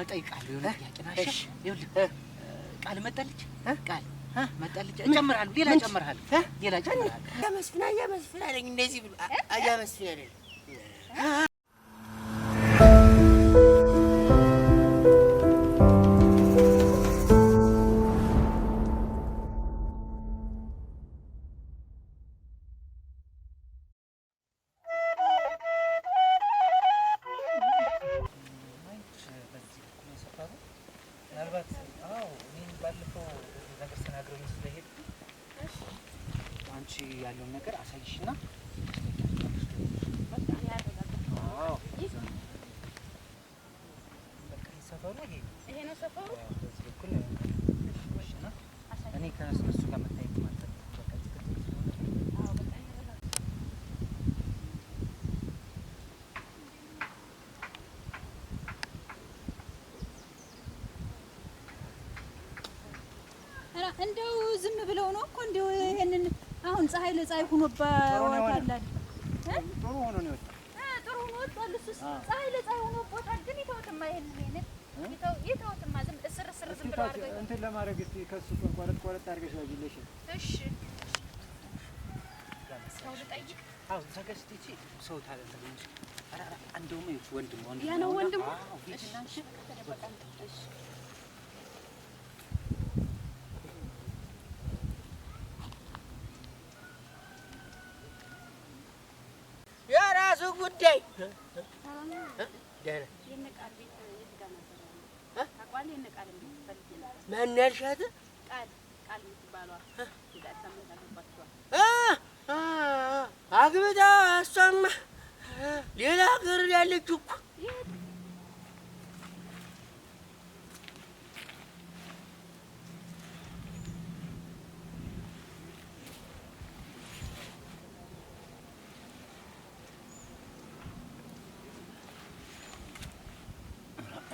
እጠይቃለሁ የሆነ ጥያቄ ቃል መጣልች ቃል መጣልች እጨምርሀለሁ ሌላ እጨምርሀለሁ ሌላ እጨምርሀለሁ እያመስፍን አለኝ እንደዚህ ብሎ እያመስፍን አይደለም ሰፈሩ ይሄ ነው ሰፈሩ። እኔ ከእነሱ ጋር መታየት እንደው ዝም ብለው ነው እኮ እንደው ይሄንን አሁን ፀሐይ ለፀሐይ ሆኖባታል አይደል? ጥሩ ሆኖ ነው ወጣ። ጥሩ ሆኖ ወጣ። ፀሐይ ለፀሐይ ሆኖ ቦታል ግን ይተውትማ ይሄንን እንትን ለማድረግ እስኪ ከእሱ ቆረጥ ቆረጥ አድርገሽ ያጅለሽ። እሺ ሰው ነው ወንድሙ የራሱ ጉዳይ ማን ያልሻት ቃል ቃል የምትባሏ አግብታ እሷማ ሌላ ሀገር ያለች እኮ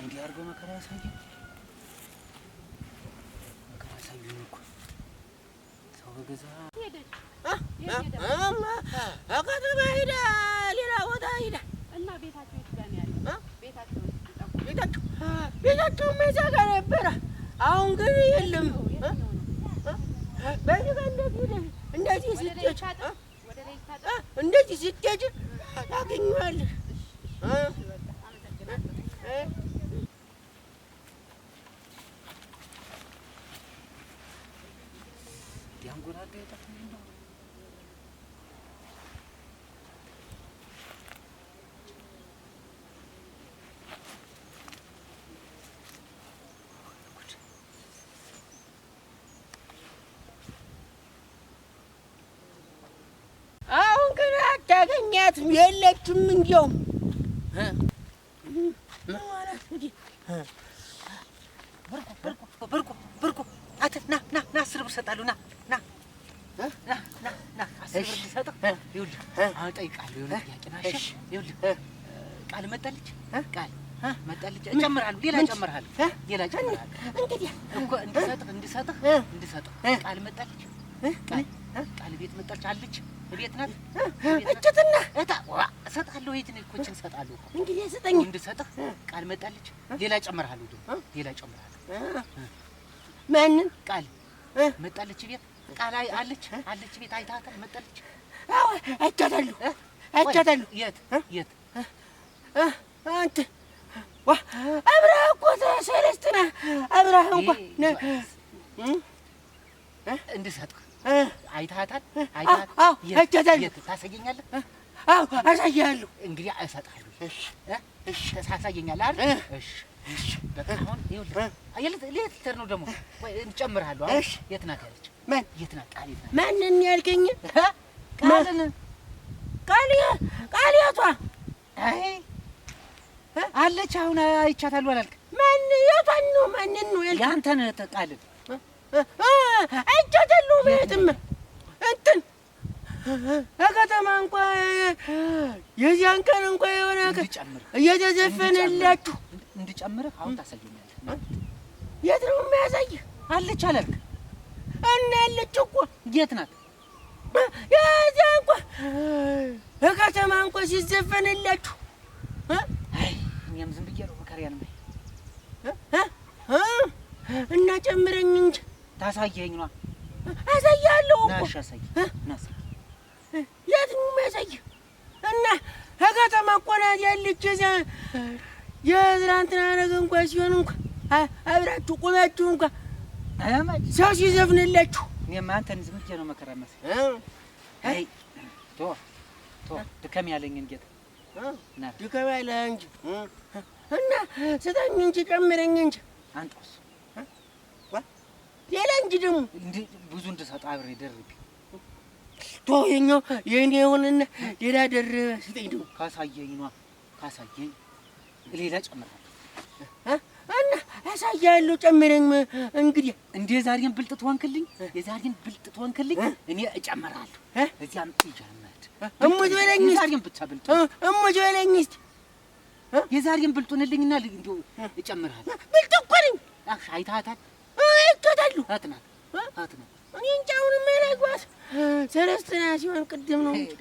እንዲህ አድርጎ መከራ ያሳየን። ከተማ ሄዳ ሌላ ቦታ ሄዳ እና ቤታቸው ቤታቸውም እዛ ጋ ነበረ። አሁን ግን የለም። በዚህ እንደዚህ ስትሄጂ እንደዚህ ስትሄጂ ታገኘዋለሽ ምክንያት የለችም። እንዲያውም ብርቁ ብርቁ ና ና ና አስር ብር ሰጣሉ ና ና ቃል መጣልች ቃል መጣልች ሌላ ሌላ እንግዲህ እንድሰጥህ እንድሰጥህ እንድሰጥህ ቃል መጣልች ቃል ቤት መጣች አለች። ቤት ናት እችትና እታ እሰጥሀለሁ። የት ነው ኮችን? እችን እሰጥሀለሁ እኮ እንግዲህ ስጠኝ፣ እንድሰጥህ ቃል መጣለች። ሌላ ጨምርሀለሁ ደግሞ ሌላ ጨምርሀለሁ። ማንን ቃል መጣለች? ቤት ቃል አይ አለች አለች። ቤት አይተሀታል? መጣለች። አዎ አይቻታለሁ፣ አይቻታለሁ። የት የት? አንተ ዋ አብረህ እኮ ሰለስትና አብረህ እንኳን እንድሰጥህ አይተሃታል? አይተሃት ታሳየኛለህ? አዎ አሳይሃለሁ። እንግዲህ እሰጥሃለሁ። እሺ እሺ፣ ታሳየኛለህ አይደል? እሺ እሺ። በቃ አሁን ይኸውልህ፣ የት ልትሄድ ነው ደግሞ? ቆይ እንጨምርሃለሁ። እሺ የት ናት ያለችው? ማን የት ናት? ቃል የት ናት? ማንን ያልከኝ? ቃልን ቃልዬ ቃልዬቷ አለች። አሁን አይቻታለሁ አላልክ? ማን የቷን ነው? ማንን ነው ያልከኝ? ያንተን ቃልን አይቻታሉ በየትም እንትን ከተማ እንኳ የዚያን ቀን እንኳ የሆነ እየተዘፈነላችሁ እንድጨምርህ አሁን ታሳየኛለህ። የት ነው የሚያሳይህ? አለች አላልክ እና ያለች እኮ የት ናት? የዚያ እንኳ ከተማ እንኳ ሲዘፈንላችሁ እኛም ዝም ብዬ ነው መከሪያን እና ጨምረኝ እንጂ ታሳየኝ ነው። አሳያለሁ እኮ ናሻሳይ ናሳ የት ነው የሚያሳየው? እና ከከተማ እኮ ናት ያለች። እዚያ የትናንትና ነገ እንኳን ሲሆን እንኳን አብራችሁ ቁማችሁ እንኳ ሰው ሲዘፍንላችሁ እኔማ አንተን ዝም ብዬሽ ነው መከራ መሰለኝ። አይ ቶ ቶ ድከም ያለኝን ጌታ ድከም ያለህ እንጂ እና ስጠኝ እንጂ ጨምረኝ እንጂ አንተውስ ሌላ እንጂ ደግሞ ብዙ እንድሰጥ አብሬ ደርግ ተወኛው የእኔ የሆነና ሌላ ደርበ ስጠኝ። ደግሞ ካሳየኝ ኗ ካሳየኝ ሌላ ጨምራለሁ እና አሳያለሁ። ጨምረኝ እንግዲህ እንደ ዛሬን ብልጥ ትሆንክልኝ፣ የዛሬን ብልጥ ትሆንክልኝ እኔ እጨምራለሁ። እዚህ አምጥ እሙት በለኝ ዛሬን ብቻ ብልጥ እሙት በለኝ እስኪ የዛሬን ብልጡንልኝና እንዲሁ እጨምራለሁ። ብልጥ እኮ ነኝ አይተሃታል እወዳታለሁ። አትናት አትናት። እኔ እንጃ አሁንማ የላይጓት ሰለስትና ሲሆን ቅድም ነው እንጂ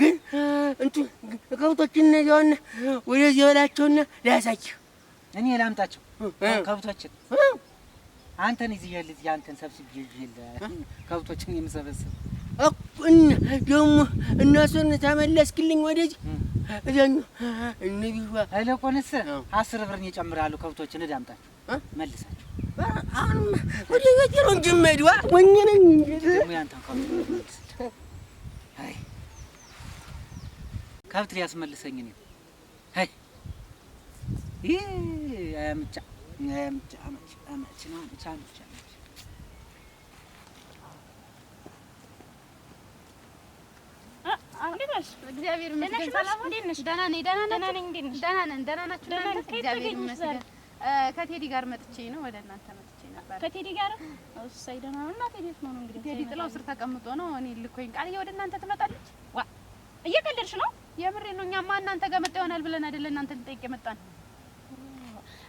ግን እንትን ከብቶችን ነዚያውና ወደዚህ በላቸውና ላያሳችሁ። እኔ ላምጣቸው ከብቶችን አንተን ይዝያል እዚህ አንተን ሰብስብ ይል ከብቶችን የምሰበስብ ደግሞ እነሱን ተመለስክልኝ ወደዚህ እነቢዋ አይለቆንስ አስር ብርን ይጨምራሉ። ከብቶችን እዳምጣችሁ መልሳችሁ አሁንማ ወደ ቤቴ ነው እንጂ የምሄድዋ ከብት ሊያስመልሰኝ ነው። ይህ አመች አመች አመች አመች ነሽ? እግዚአብሔር ይመስገን። ሰላም እንዴት ነሽ? ደህና ነኝ። ደህና ነኝ። እንዴት ነሽ? ደህና ነን። ደህና ናችሁ? ደህና ነን። እግዚአብሔር ይመስገን። ከቴዲ ጋር መጥቼ ነው ወደ እናንተ መጥቼ ነበር። ከቴዲ ጋር እሰይ፣ ደህና ነው። እና ቴዲ ነው? እንግዲህ ቴዲ ጥላው ስር ተቀምጦ ነው። እኔ ልኮኝ ቃልዬ ወደ እናንተ ትመጣለች። ዋ እየቀለድሽ ነው? የምሬ ነው። እኛማ እናንተ ጋር መጣ ይሆናል ብለን አይደለ እናንተ ልጠይቅ የመጣን።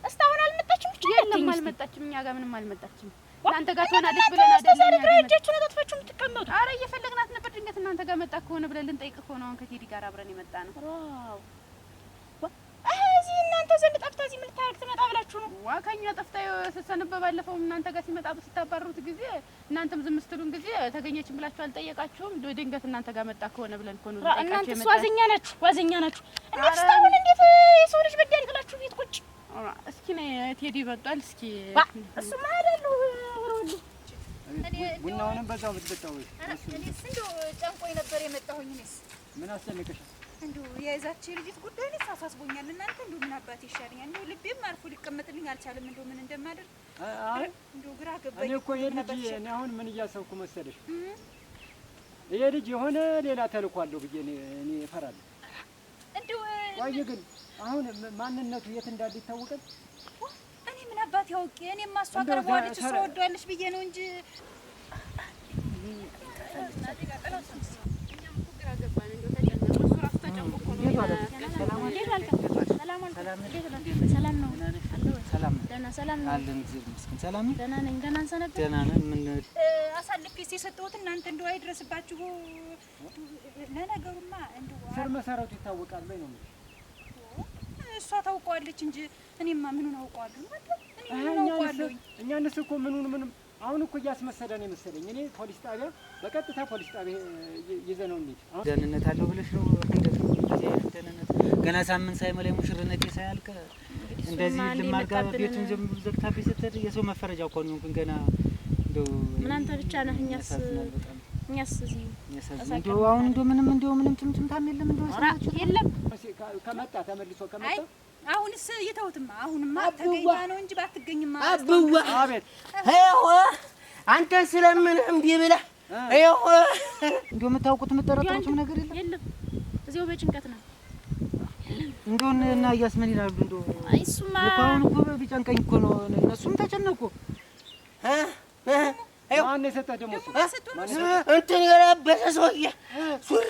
እስካሁን አልመጣችም። ብቻ የለም፣ አልመጣችም። እኛ ጋር ምንም አልመጣችም። እናንተ ጋር ትሆናለች ብለን የምትቀመጡት። አረ እየፈለግናት ነበር። ድንገት እናንተ ጋር መጣ ከሆነ ብለን ልንጠይቅ ከሆነ አሁን ከቴዲ ጋር አብረን የመጣ ነው። እዚህ እናንተ ዘንድ ጠፍታ እዚህ ምን ልታረግ ትመጣ ብላችሁ ነው? ዋ ከእኛ ጠፍታ ስትሰንበ ባለፈውም እናንተ ጋር ሲመጣ ስታባረሩት ጊዜ እናንተም ዝም ስትሉን ጊዜ ተገኘችን ብላችሁ አልጠየቃችሁም። ድንገት እናንተ ጋር መጣ ከሆነ ብለን እኮ ነው። እናንተ እሱ ዋዘኛ ናችሁ፣ ዋዘኛ ናችሁ። እናንተ ስታሁን እንዴት የሰው ልጅ በዳይ ጥላችሁ ቤት ቁጭ እስኪ ቴዲ መጧል። እስኪ እሱ ማለሉ ቡናውንም በዛው ብትጠጣው ጨንቆኝ ነበር የመጣሁኝ። እኔስ ምን አስጨንቅሻል? እንዲሁ የዛች ልጅት ጉዳይ እኔስ አሳስቦኛል። እናንተ እንዲሁ ምን አባት ይሻለኛል? እንዲሁ ልቤም አርፎ ሊቀመጥልኝ አልቻለም። እንዲሁ ምን እንደማደርግ እንዲሁ ግራ ገባኝ እኮ የልጅ እኔ አሁን ምን እያሰብኩ መሰለሽ፣ ይሄ ልጅ የሆነ ሌላ ተልኮ አለው ብዬ እኔ እፈራለሁ። እንዲሁ ቆይ ግን አሁን ማንነቱ የት እንዳለ ይታወቃል? አባት ያውቄ እኔ ማሷ ቀርበዋለች እሷ ወደዋለች ብዬ ነው እንጂ አሳልፌ የሰጠሁት እናንተ እንደው አይድረስባችሁ። ለነገሩማ እንደው ስር መሰረቱ ይታወቃል ነው ታውቀዋለች እንጂ እኔማ ምኑን አውቀዋለሁ? እኛ እነሱ እኮ ምኑን ምንም አሁን እኮ እያስመሰለ ነው የመሰለኝ። እኔ ፖሊስ ጣቢያ በቀጥታ ፖሊስ ጣቢያ ይዘ ነው እንሂድ። ደህንነት አለው ብለሽ ነው ደህንነት? ገና ሳምንት ሳይሞላ ሙሽርነት ሳያልቅ እንደዚህ ልማርጋ ቤቱን ዝም ዘግታብኝ ስትል የሰው መፈረጃ እኮ ነው። ግን ገና ምን አንተ ብቻ ነህ? እኛስ እኛስ እዚህ አሁን እንደው ምንም እንደው ምንም ትምትምታም የለም እንደው የለም። ከመጣ ተመልሶ ከመጣ አሁንስ የተውትማ አሁንማ ተገኝታ ነው እንጂ ባትገኝማ። አብዋ አቤት። ይኸው አንተን ስለምንህ እምቢ ብለህ ይኸው እንደው የምታውቁት የምጠረጥሩትም ነገር የለም የለም፣ እዚያው በጭንቀት ነው። እንደው እና እያስ ምን ይላሉ? እንደው እሱማ አሁን እኮ ቢጨንቀኝ እኮ ነው። እነሱም ተጨነቁ። ማነው የሰጠህ ደግሞ? እንትን የለበሰ ሰውዬ ሱሪ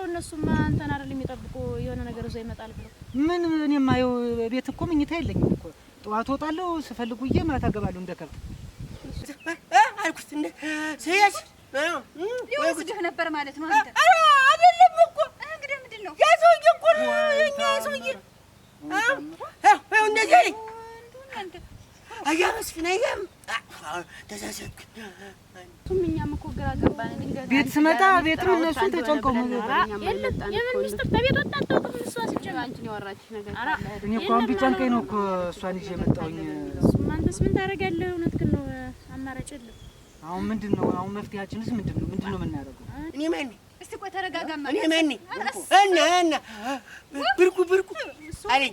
ነው። እነሱማ እንትን አይደል የሚጠብቁ የሆነ ነገር እዛ ይመጣል ብለው ምን እኔ ማየው ቤት እኮ ምኝታ የለኝም እኮ ጠዋት ወጣለሁ ስፈልጉ እዬ ማታ እገባለሁ እንደ ከብት አልኩት። እንደ ስያዝ ይወስድህ ነበር ማለት ነው አንተ አይደለም እኮ እንግዲህ ምንድን ነው ያ ሰውዬ እኮ እኛ ሰውዬ እንደዚህ አለኝ። አያ መስፍን አያም እኛም እኮ ግራ ገባን። ቤት ስመጣ ቤት ነው እነሱን ተጨንቀው እኔ እኮ አሁን ቢጨንቀኝ ነው እኮ እሷን ይዤ የመጣሁኝ። አንተስ ምን ታደርጋለህ? እውነት ግን ነው፣ አማራጭ የለም። አሁን ምንድን ነው አሁን መፍትሄያችንስ ምንድን ነው? ምንድን ነው የምናደርገው? እኔ ማን ነኝ? እስቲ ቆይ ተረጋጋ። እኔ ማን ነኝ? እና እና ብርቁ ብርቁ አለኝ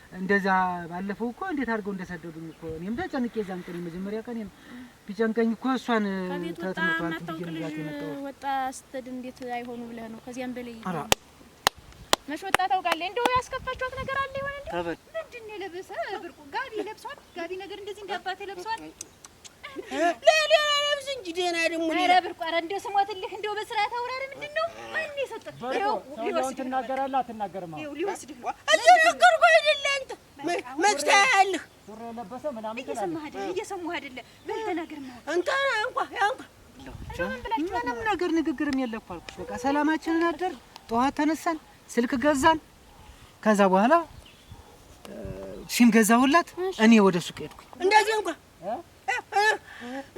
እንደዛ ባለፈው እኮ እንዴት አድርገው እንደሰደዱኝ እኮ እኔም ተጨንቄ የዛን ቀን የመጀመሪያ ቀን ቢጨንቀኝ እኮ እሷን ወጣ ስትሄድ እንዴት አይሆኑ ብለህ ነው። ከዚያም በላይ መች ወጣ ታውቃለህ። እንደው ያስከፋችኋት ነገር አለ ይሆን? ምንድን ነው የለበሰ ብርቁ ጋቢ ለብሷል። ጋቢ ነገር እንደዚህ እንዳባቴ ለብሷል። ለሌላ እንጂ ደህና ደግሞ ኧረ ብርቁ ኧረ እንደው ስሞትልህ እንደው በስርዓት አውራ ምንድን ነው ማነው የሰጠህ ሰውዬውን ትናገራለህ አትናገርም አሁን ሊወስድህ አልተናገርኩ አይደለ አንተ መክተህ ሱሪ የለበሰ ምናምን እየሰማህ አይደለ እየሰማህ አይደለ በል ተናገርም አሁን እንትን አንኳ ያንኳ ምንም ነገር ንግግርም የለ እኮ አልኩሽ በቃ ሰላማችንን አደር ጠዋት ተነሳን ስልክ ገዛን ከዛ በኋላ ሲም ገዛሁላት እኔ ወደ ሱቅ ሄድኩኝ እንደዚህ እንኳ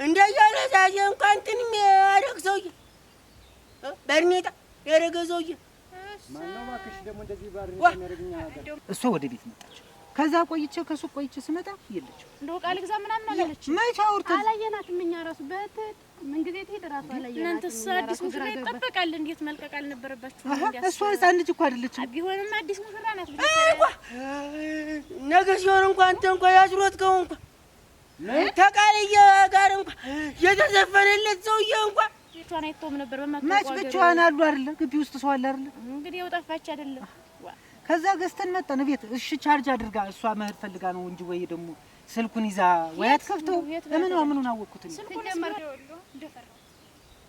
እንደዛ ለዛዜ እንኳን እንትን የሚያደርግ ሰውዬ በርኔጣ ያደረገ ሰውዬ እሷ ወደ ቤት መጣች። ከዛ ቆይቼ ከሱቅ ቆይቼ ስመጣ የለችም። እንደው ቃል ግዛ ምናምን አላለች። መቼ አውርተን አላየናትም። እኛ እራሱ በትል ምን ጊዜ ትሄድ እራሱ አላየናትም። እናንተስ አዲስ ሙሽራ ይጠበቃል። እንዴት መልቀቅ አልነበረባችሁ? እሷ ሕፃን ልጅ እኮ አይደለችም። ቢሆንም አዲስ ሙሽራ ናት። ነገ ሲሆን እንኳን አንተ እንኳ ያዝሮት ከሆንኩ ተቃልየ ጋር እንኳን የተዘፈነለት ሰውዬ እንኳን ብቻዋን አይተውም ነበር። መች ብቻዋን አሉ አይደለ? ግቢ ውስጥ ሰው አለ አይደለ? እንግዲህ ያው ጠፋች አይደለም። ከዛ ገዝተን መጣን ቤት። እሺ ቻርጅ አድርጋ እሷ መሄድ ፈልጋ ነው እንጂ ወይ ደግሞ ስልኩን ይዛ ወይ አትከፍተው። ለምን ምኑን አወቅኩት እኔ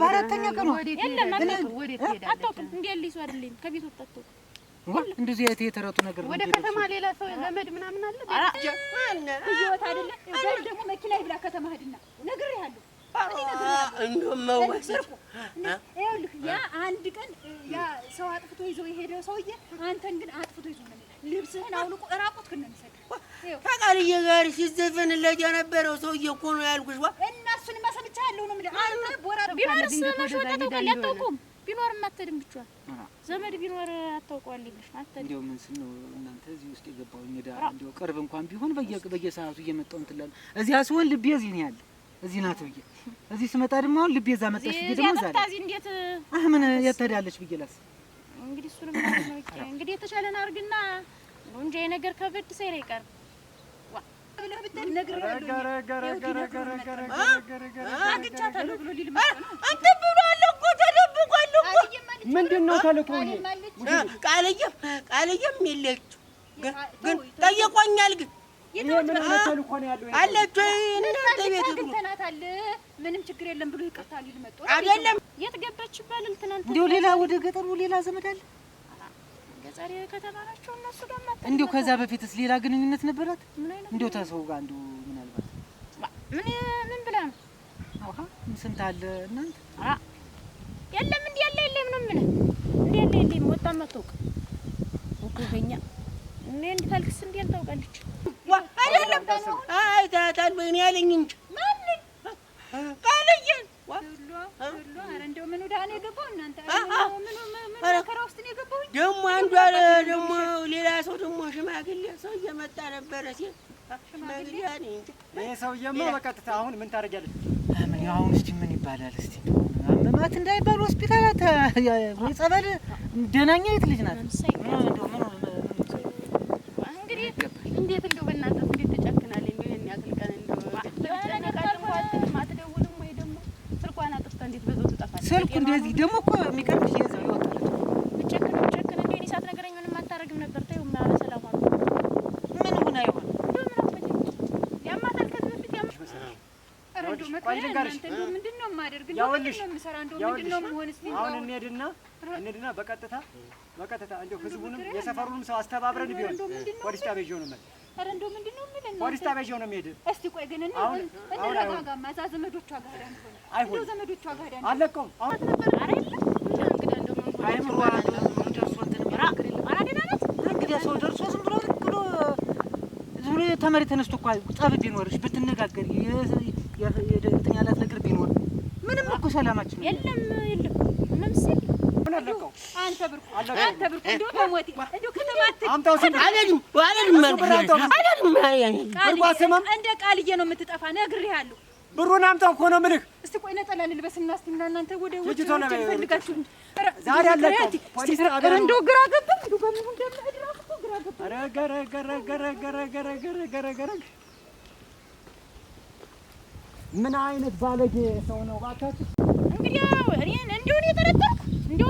በአራተኛ ቀኑ የለም አታውቅም። እንዲያለ ይዞ እንደዚህ አይነት የተረጡ ነገር ወደ ከተማ ሌላ ሰው ዘመድ ምናምን አለ ደግሞ መኪና ይብላ ከተማ ሂድና ነግሬሃለሁ። ይኸውልህ ያ አንድ ቀን ያ ሰው አጥፍቶ ይዞ የሄደው ሰውዬ አንተን ግን አጥፍቶ ይዞ ልብስህን አውልቆ እራቁት ክን ከቃልዬ ጋር ሲዘፈንለት የነበረው ሰውዬ እኮ ነው ያልኩሽ። ዋ እና እሱን ማሰምቻለሁ ነው ምንድን ቢኖርስ መሸወድ ታውቃለህ? አታውቀውም። ቢኖርም አትሄድም። ብቻዋን ዘመድ ቢኖር አታውቀዋለህ። የለሽም አትሄድም። እንዲያው ምን ስል ነው እናንተ እዚህ ውስጥ የገባው እዳ እንዲያው ቅርብ እንኳን ቢሆን በየሰዓቱ እየመጣሁ እንትን እላለሁ። እዚያ ሲሆን ልቤ እዚህ ነው ያለ እዚህ ናት ብዬ እዚህ ስመጣ ደግሞ አሁን ልቤ እዛ መጣች ብዬ ደግሞ ዛሬ እንዴት ምን የት ትሄዳለች ብዬ ላስብ እንግዲህ እሱንም እንግዲህ የተሻለን አድርግና ነው እንጂ ነገር ከበድ ሳይል አይቀርም። ምንድን ነው ተልእኮ? ቃልዬም ቃልዬም የለችው ግን ጠየቆኛል ግን አለች እናንተ ቤት ምንም ችግር የለም ብሎ ይቅርታ ሊል መጡ አይደለም። የት ገባች ይባላል። ትናንት እንዲሁ ሌላ ወደ ገጠሩ ሌላ ዘመድ አለ ጸሪ ከተማ ናቸው እነሱ ደግሞ። እንዲሁ ከዛ በፊትስ ሌላ ግንኙነት ነበራት? እንዲሁ ተሰው ጋር እንዲሁ ምናልባት ምን ምን ብላ ነው? አውቃ ስንት አለ እናንተ አ የለም እንዴ ያለ የለም ነው ምን እንዴ ያለ የለም ወጣ መጥቶቅ ወቆገኛ እኔ እንድታልክስ እንዴ ያልታውቃለች ዋ አይደለም አይ ታታል ወይኔ ያለኝ እንጂ ማን ቃልየን ዋ ሁሉ ሁሉ አረ እንደው ምኑ ዳኔ ገባው እናንተ ምኑ ምኑ ደግሞ አንዷ ደግሞ ሌላ ሰው ደግሞ ሽማግሌ ሰው እየመጣ ነበረ ሲል ሽማግሌ ይህ ሰውዬማ በቀጥታ አሁን ምን ታደርጊያለሽ? ምን አሁን እስኪ ምን ይባላል? እስኪ አመማት እንዳይባል ሆስፒታል ወይ ጸበል ደናኛ የት ልጅ ናት እንዴት እንደው በእናንተ እንዴት ተጨክናል? እንደው ይሄን ያክል ቀን እንደው ስልኳን አጥፍታ እንዴት በዛው ትጠፋለች? ስልኩ እንደዚህ ደግሞ እኮ የሚቀርብሽ አትነግረኝ፣ ምንም አታደርግም ነበር። ተይው ማለ ሰላም አሉ ምን ሆነ አይሆን ያማታል። ከዚህ በፊት ያማ አሁን እንሄድና እንሄድና በቀጥታ በቀጥታ እንደው ህዝቡንም የሰፈሩንም ሰው አስተባብረን ቢሆን ፖሊስ ጣቢያ ይዤው ነው የምልህ ኧረ እንደው ምንድን ነው የምልህ ፖሊስ ጣቢያ ይዤው ነው የምሄድ። ቆይ ግን እንረጋጋማ። እዛ ዘመዶቿ ጋር ዘመዶቿ ጋር አለቀውም አሁን ከመሬት ተነስቶ እኮ ጠብ ቢኖርሽ ብትነጋገር እንትን ያላት ነገር ቢኖር ምንም እኮ ሰላማችን የለም የለም እንደ ቃልዬ ነው የምትጠፋ ነግሬሃለሁ ብሩን አምጣው እኮ ነው የምልህ እስቲ ቆይ ነጠላ ልልበስ እና እናንተ ወደ ውጭ ፈልጋችሁ ዛሬ አለቀው እንደው ግራ ገባ ረገ ምን አይነት ባለጌ ሰው ነው ባካችሁ? እንግዲህ እኔ እንደው ነው የጠረጠርኩ እንደው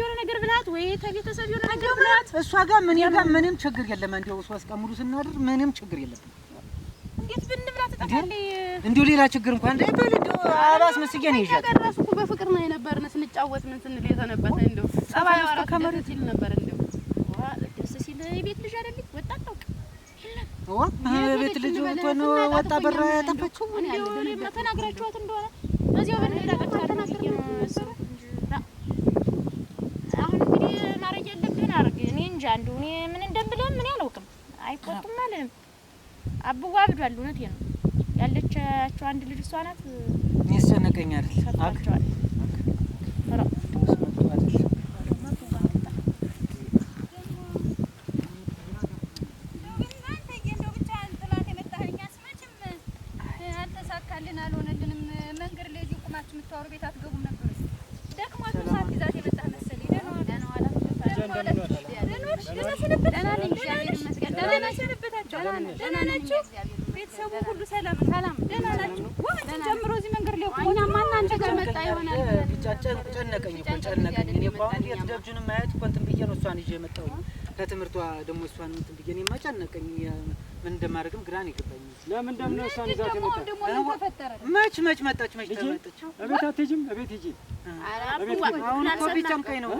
የሆነ ነገር ብላት ወይ ከቤተሰብ የሆነ ነገር ብላት። እሷ ጋር ምን ጋር ምንም ችግር የለም። እንደው ሶስት ቀን ሙሉ ስናድር ምንም ችግር የለም። እንዴት ብንብላ ትጠፋለች። እንደው ሌላ ችግር እንኳን እንዳይበል እንደው አባስ መስዬ ነው ይዣት። በፍቅር ነው የነበርን ስንጫወት ምን ስንል የተነበተ እንደው ጸባይ ከመሬት ይል ነበር እንደው የቤት ልጅ አይደለች ወጣት ነው የለም የቤት ልጅ እንትን ወጣ በራ ያጠፋችው እንደሆነ ተናግራችኋት እንደሆነ በዚያው እኔ እንጃ ምን እንደምልህም እኔ አላውቅም። አብዋ አብዷል። ነው ያለቻቸው አንድ ልጅ እሷ ናት። ደህና ናችሁ? ቤተሰቡ ሁሉ ሰላም ሰላም፣ ደህና ናችሁ? ጀምሮ እዚህ መንገድ ላይ እኛማ እናንተ ጋር መጣ ይሆናል። ጨነቀኝ እኮ ጨነቀኝ። እኔ እኮ አሁን የት ማየት እኮ እንትን ነው እሷን ይዤ የመጣሁኝ ከትምህርቷ ደግሞ እሷን እንትን እኔማ ጨነቀኝ። ምን እንደማደርግም ግራ ነው የገባኝ። ለምንድን ነው እሷን ይዛት የመጣች? መች መች መጣች? መች ተመጣች? እቤት አትሄጂም? እቤት ሂጂ። አሁን እኮ ቢጨንቀኝ ነው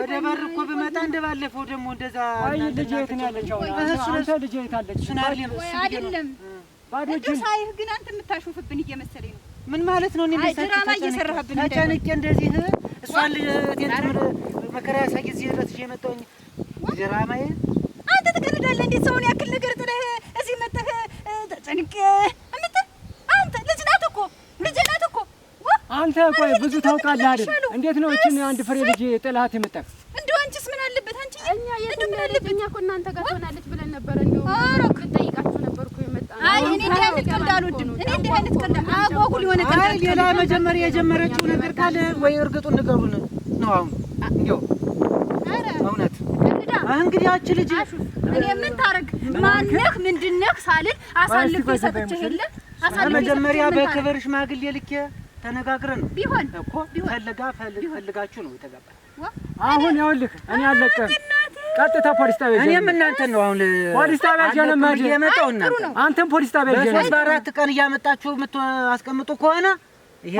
ወደ በር እኮ ብመጣ እንደ ባለፈው ደግሞ እንደዛ። አይ ልጄ የት ነው ያለችው? አንተ ልጄ የት አለች? አይደለም ባዶ ሳይህ ግን አንተ የምታሾፍብን እየመሰለኝ ነው። ምን ማለት ነው? እኔ ድራማ እየሰራህብን ተጨንቄ እንደዚህ እሷን ልጄን መከራ ያሳይ እዚህ ድረስ ይዤ ድራማዬ አንተ ትቀልዳለህ እንዴት ሰውን ያክል ነገር ጥለህ እንደዚህ መተህ ተጨንቄ እምትል አንተ ልጅ ናት እኮ ልጅ ናት እኮ አንተ። ቆይ ብዙ ታውቃለህ አይደል? እንዴት ነው አንድ ፍሬ ልጅ ጥላት የምጠቅ? እንደው አንቺስ ምን አለበት አንቺ እኛ የት ምን አለበት እኛ እኮ እናንተ ጋር ትሆናለች ብለን እንደው የመጣ አይ እኔ እንዲህ አይነት ቀልድ አልወድም። እኔ እንዲህ አይነት ቀልድ አጓጉል የሆነ ቀልድ አይ ሌላ መጀመሪያ የጀመረችው ነገር ካለ ወይ እርግጡን ንገሩን ነው አሁን እንዴው አረ እውነት እንግዲህ አንቺ ልጅ እኔ ምን ታረግ ማነህ ምንድነህ ሳልል አሳልፍ ይሰጥቼ ሄለ አሳልፍ መጀመሪያ በክብር ሽማግሌ ልኬ ተነጋግረን ቢሆን እኮ ፈልጋ ፈልጋችሁ ነው የተጋባ። አሁን ይኸውልህ እኔ አለቀም ቀጥታ ፖሊስ ጣቢያ እኔም እናንተን ነው አሁን ፖሊስ ጣቢያ ጀነማ የመጣው እናንተ አንተም ፖሊስ ጣቢያ ጀነማ በሶስት በአራት ቀን እያመጣችሁ የምታስቀምጡ ከሆነ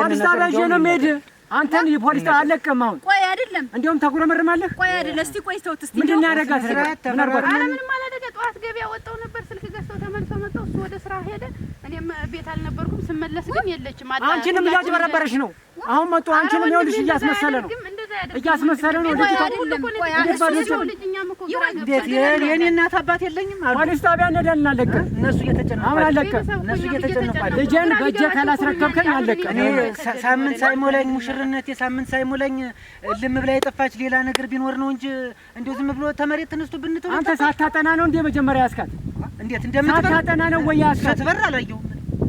ፖሊስ ጣቢያ ጀነማ ሄድ አንተን የፖሊስ ጣቢያ አለቀም። አሁን ቆይ አይደለም፣ እንደውም ተጉረመርማለህ። ቆይ አይደለም፣ እስቲ ቆይ ተውት። እስቲ ምንድን ነው ያደርጋት? አረ ምንም አላደረገ። ጠዋት ገበያ ወጣው ነበር፣ ስልክ ገዝተው ተመልሶ መጣው። እሱ ወደ ስራ ሄደ፣ እኔም ቤት አልነበርኩም። ስመለስ ግን የለችም። አንቺንም እያጭበረበረሽ ነው አሁን መጡ። አንቺንም ይኸውልሽ እያስመሰለ ነው እያስመሰለ ነው። የእኔ እናት አባት የለኝም። ፖሊስ ጣቢያ እንሄዳለን። አለቀም። እነሱ እየተጨነቁ አሁን እነሱ እየተጨነቁ ልጄን በእጄ ካላስረከብከኝ አለቀም። እኔ ሳምንት ሳይሞላኝ ሙሽርነቴ ሳምንት ሳይሞላኝ ልም ብላ የጠፋች ሌላ ነገር ቢኖር ነው እንጂ እንዲሁ ዝም ብሎ ተመሬት ተነስቶ ብንተው አንተ ሳታጠና ነው እንደ መጀመሪያ ያስካት እንዴት እንደምትበር ሳታጠና ነው ወይ ያስካት ስትበር አላየሁም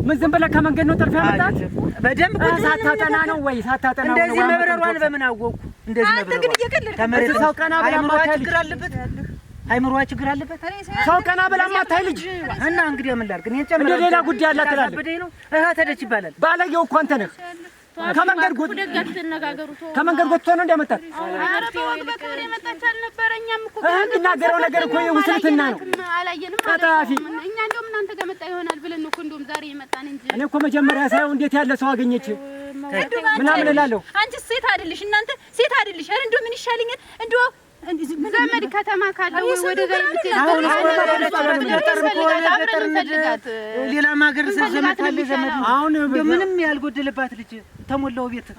ምን ዝም ብለህ ከመንገድ ነው ጥርፍ ያመጣት? በደንብ ሳታጠና ነው ወይ ሳታጠና ነው? እንደዚህ መብረሯን በምን አወኩ? እንደዚህ መብረሯን ሰው ቀና ብላ ማታይ ችግር አለበት። አይምሮዋ ችግር አለበት። ሰው ቀና ብላ ማታይ ልጅ እና እንግዲህ ምን ላድርግ? እኔ ጨምረህ እንደ ሌላ ጉዳይ አላት ትላለህ። እህ ተደች ይባላል። ባለጌው እኮ አንተ ነህ። ከመንገድ ጎት ከመንገድ ጎት ነው እንዲያመጣት ነገር እኮ ውስልትና ነው። እኛ እንደውም እናንተ ጋር መጣ ይሆናል ብለን እኮ እንደውም ዛሬ የመጣን እንጂ እኔ እኮ መጀመሪያ ሳይሆን እንዴት ያለ ሰው አገኘች ምናምን እላለሁ። አንቺ ሴት እናንተ ሴት ኧረ እንደው ምን እንደው ዘመድ ከተማ ካለው ወደ ሌላም ሀገር ዘመድ ዘመድ አሁን ምንም ያልጎደለባት ልጅ ተሞላው ቤት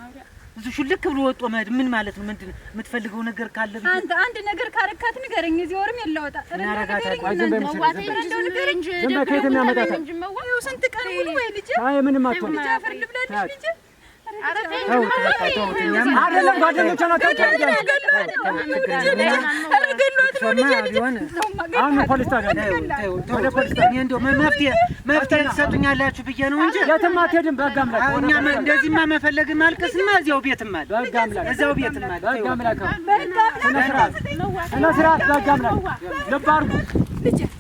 እዚህ ሹልክ ብሎ ወጦ መሄድ ምን ማለት ነው? ምንድን የምትፈልገው ነገር ካለ አንተ አንድ ነገር ካረካት ንገረኝ። እዚህ ወርም የለወጣ ስንት ቀን ሙሉ ወይ ልጅ ምንም አትሆን አይደለም ጓደኞቿ ናቸው። ፖሊስ ወደ ፖሊስ መፍትሄ ትሰጡኛላችሁ ብዬ ነው እንጂ የትም አትሄድም። በጋምላክ እኛም እንደዚህማ መፈለግ ማልቀስማ እዚያው ቤትም አለ እዚያው ቤትም አለ። በጋምላክ ስነ ስርዓት ስነ ስርዓት በጋምላክ ልብ አድርጉ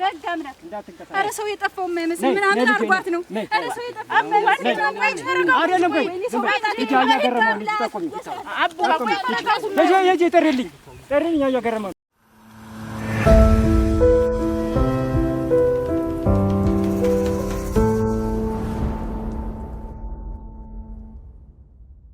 በግ ኧረ ሰው የጠፋው የማይመስል ምናምን አድርጓት ነው። ኧረ ሰው የጠፋው አይደለም። ቆይ ጥሪልኝ